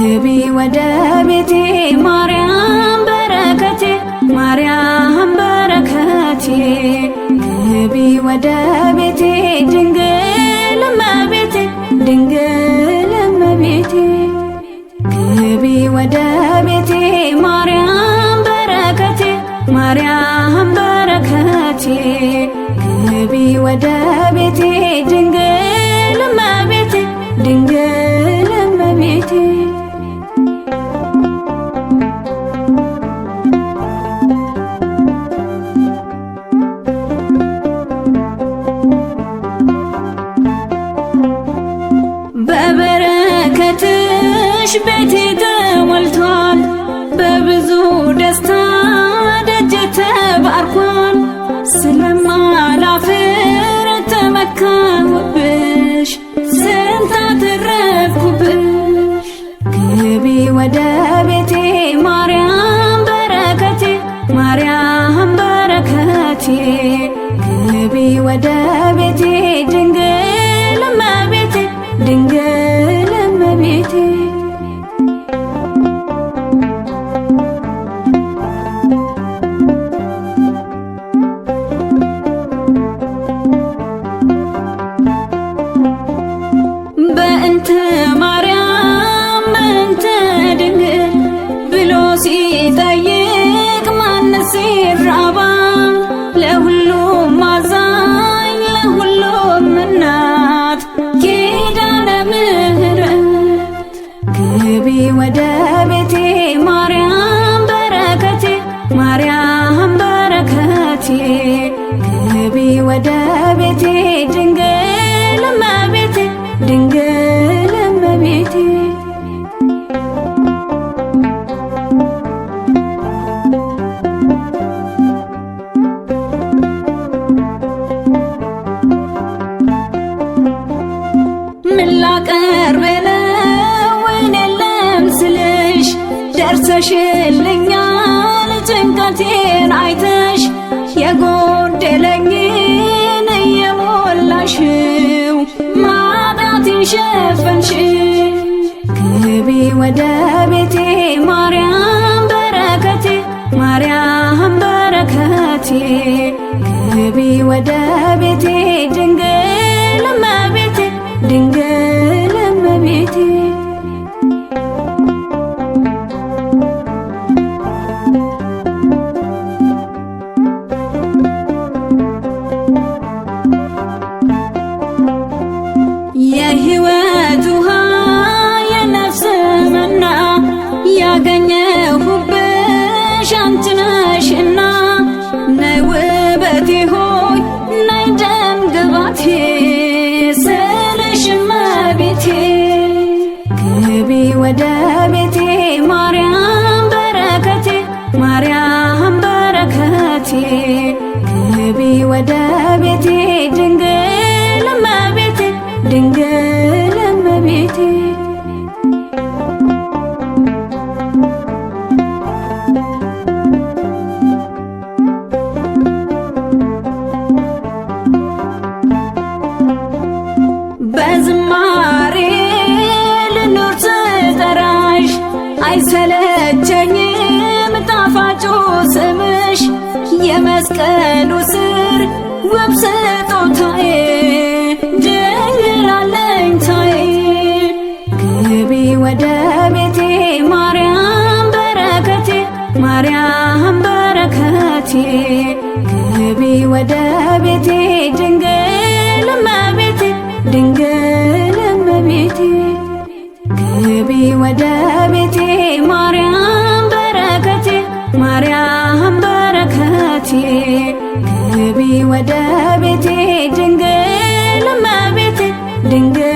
ግቢ ወደ ቤቴ ማርያም በረከቴ ማርያም በረከቴ ግቢ ወደ ቤቴ ድንግል እመቤቴ ድንግል እመቤቴ ግቢ ወደ ቤቴ ማርያም በረከቴ ማርያም በረከቴ ግቢ ወደ ቤቴ ድንግል በበረከትሽ ቤቴ ተሞልቷል፣ በብዙ ደስታ ደጀ ተባርኳል። ስለማላፍር ተመካሁብሽ፣ ስንታ አተረፍኩብሽ። ግቢ ወደ ቤቴ ማርያም በረከቴ፣ ማርያም በረከቴ ግቢ ወደ አንተ ማርያም አንተ ድንግል ብሎ ሲጠይቅ ማን ሲራባ ለሁሉም አዛኝ ለሁሉም እናት ኪዳነ ምሕረት ግቢ ወደ ቤቴ ማርያም በረከቴ ማርያም በረከቴ ግቢ ወደ ቤቴ ድንግል ቀር ብለው ወይን የለም ስልሽ ደርሰሽልኛል ጭንቀቴን አይተሽ የጎደለኝን እየሞላሽው ማጣቴን ሸፈንሽ። ግቢ ወደ ቤቴ ማርያም በረከቴ ማርያም በረከቴ ግቢ ወደ ቤቴ ድንግል እመቤቴ ድንግል አባቴ ስለሽማ ቤቴ ግቢ ወደ በዝማሬ ልኑር ስጠራሽ አይሰለቸኝም ጣፋጩ ስምሽ የመስቀሉ ስር ውብ ስጦታዬ ድንግል አለኝታዬ ግቢ ወደ ቤቴ ማርያም በረከቴ ማርያም በረከቴ ግቢ ወደ ቤቴ ድንግል ወደ ቤቴ ድንግል እመቤቴ ድንግል